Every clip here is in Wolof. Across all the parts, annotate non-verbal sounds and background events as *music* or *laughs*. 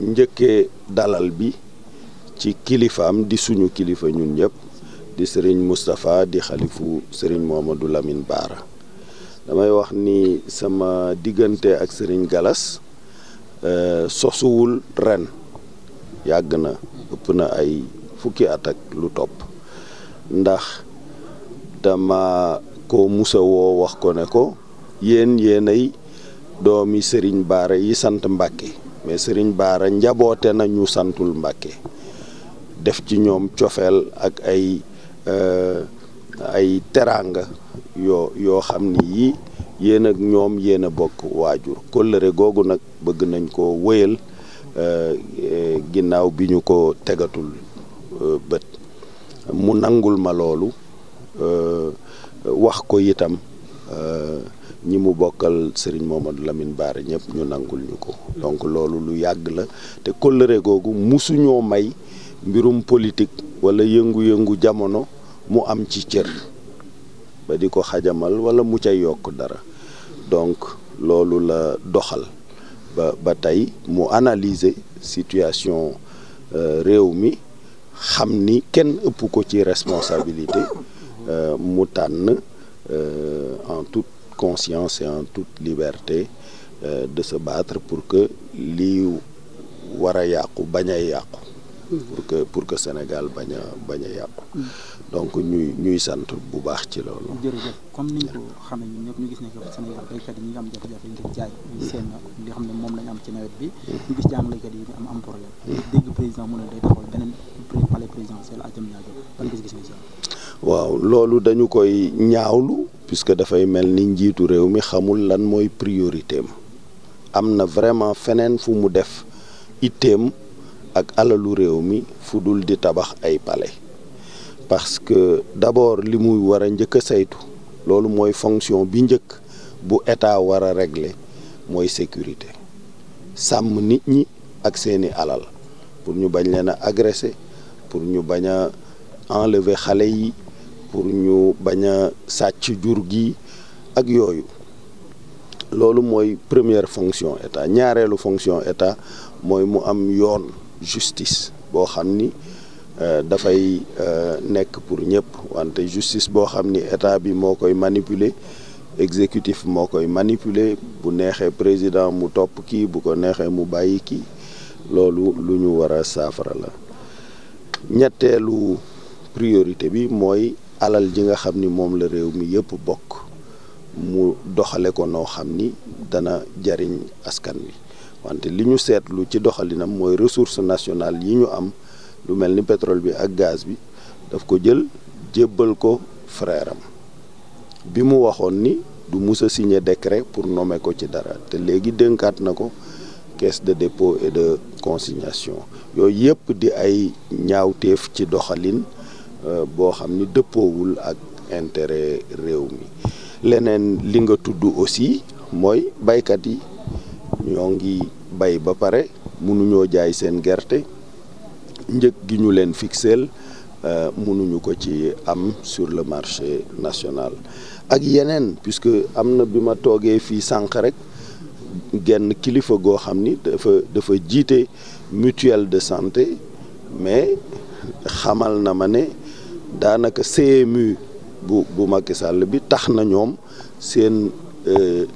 njëkkee dalal bi ci kilifaam di suñu kilifa ñun ñëpp di serigne mustapha di khalifu serigne Mohamadou Lamine bara damay wax ni sama digënté ak serigne Galas euh, sosuwul ren yàgg na ëpp na ay fukki at ak lu top ndax dama ko musa wo wax ko ne ko yen yenay doomi serigne bara yi sante mais Serigne Baara njaboote nañu santul Mbàkke def ci ñoom cofeel ak ay euh, ay teraanga yoo xam ni yii yéen ñoom yéen a bokk waajur kóllëre googu nag bëgg nañ ko wéyal euh, ginnaaw bi ñu ko tegatul euh, bët mu nangul ma loolu wax ko itam ñi mu bokkal Serigne Momadou Lamine Bara ñëpp ñu nangul ñu ko donc loolu lu yàgg la te kóllëre googu musuñoo may mbirum politique wala yëngu-yëngu jamono mu am ci cër ba di ko xajamal wala mu cay yokk dara donc loolu la doxal ba ba tey mu analyser situation euh, réew mi xam ni kenn ëpp ko ci responsabilité euh, mu tànn euh, en toute conscience et en toute liberté euh, de se battre pour que lii war a yàqu bañ pour que pour que Sénégal bañ a bañ donc ñuy ñuy sant bu baax ci lolu jërëjëf comme niñ ko xamé ñun ñëpp ñu gis ne que Sénégal béykat yi ñi ngi am jafe-jafe ngir jaay seen li xamné mom moom lañ am ci nawet bi ñu gis jaam béykat yi am am problème dégg président mu ne day taxawal beneen palais présidentiel à Diamniadio ban gis-gis nga waaw lolu dañu koy ñaawlu puisque da fay melni njitu rewmi xamul lan moy priorité am vraiment fenen fu mu def item ak alalu rewmi fudul di tabax ay palais parce que d'abord li muy wara a saytu lolu moy fonction bi njëkk bu état wara régler moy sécurité sam nit ñi ak seeni alal pour ñu bañ leena agresser pour ñu baña enlever xalé yi pour ñu bañ a sàcc jur gi ak yooyu loolu mooy première fonction état ñaareelu fonction état mooy mu am yoon justice boo xam ni euh, dafay euh, nekk pour ñëpp wante justice boo xam ni état bi moo koy manipuler exécutif moo koy manipuler bu neexee président mu topp kii bu ko neexee mu bàyyi kii loolu lu ñu war a saafara la ñetteelu priorité bi mooy alal ji nga xam ni moom la réew mi yëpp bokk mu doxale ko noo xam ni dana jariñ askan wi wante li ñu seetlu ci doxalinam mooy ressource nationale yi ñu am lu mel ni pétrole bi ak gaz bi daf ko jël jébbal ko frère bi mu waxoon ni du musa signe signé pour nommer ko ci dara te léegi dénkaat na ko caisse de dépôt et de consignation yooyu yëpp di ay ñaawteef ci doxalin Euh, boo xam ni dëppoowul ak intérêt réew mi linga li nga aussi moi, baykat yi ñoo ngi bay ba pare mënuñoo jaay seen gerte njëg gi ñu leen fixeel euh, mënuñu ko ci am sur le marché national ak yenen, puisque am na bi ma toogee fii go rek genn kilifa goo xam dafa dafa mutuelle de santé mais xamal na ma daanaka CMU bu bu Macky Sall bi tax na ñoom seen euh,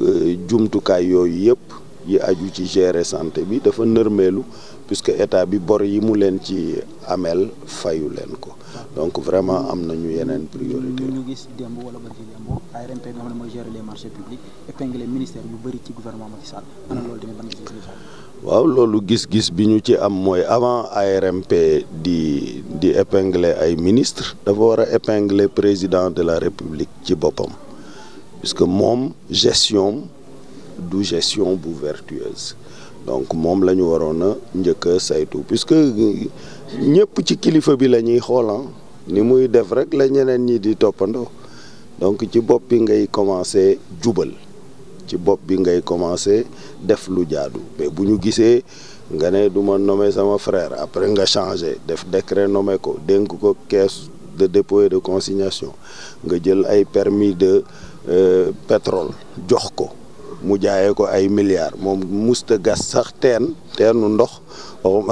euh, jumtukaay yooyu yëpp yi aju ci gérer santé bi dafa nërmeelu puisque état bi bor yi mu leen ci ameel fayu leen ko donc vraiment am na ñu yeneen priorité ñu gis démb wala ba démb ARMP nga xam ne mooy gérer les marchés publics épinglé ministère yu bëri ci gouvernement Macky Sall ana loolu tamit ban gis-gis waaw loolu gis-gis bi ñu ci am avant ARMP di di épingler ay ministre dafa war épingler président de la république ci boppam puisque mom gestion dou gestion bu vertueuse donc mom la ñu waroon a njëkk a puisque ñëpp ci kilifa bi la ñuy ah, ni muy def rek la ñeneen ñi di donc ci bopp bi ngay commencer ci bop bi ngay commencer def lu jaadu mais buñu gissé nga né duma ma nommer sama frère après nga changer def décret nommer ko dénk ko caisse de dépôt et de consignation nga jël ay permis de euh, pétrole jox ko mu jaayé ko ay milliards mom musta gas sax teen teenu ndox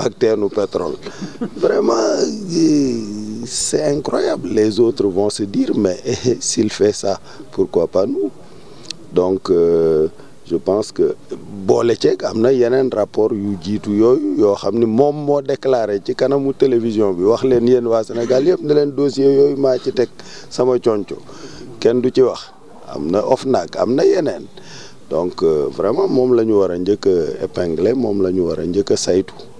ak teenu pétrole vraiment euh, c'est incroyable les autres vont se dire mais *laughs* s'il fait ça pourquoi pas nous donc euh, je pense que boole ceeg am na yeneen rapport yu jiitu yooyu yoo xam ni moom moo déclaré ci kanamu télévision bi wax leen yéen waa Sénégal yëpp ne leen dossier yooyu maa ci teg sama conco kenn du ci wax am na OFNAC am na yeneen donc euh, vraiment moom la ñu war a njëkk a moom la ñu war a njëkk a saytu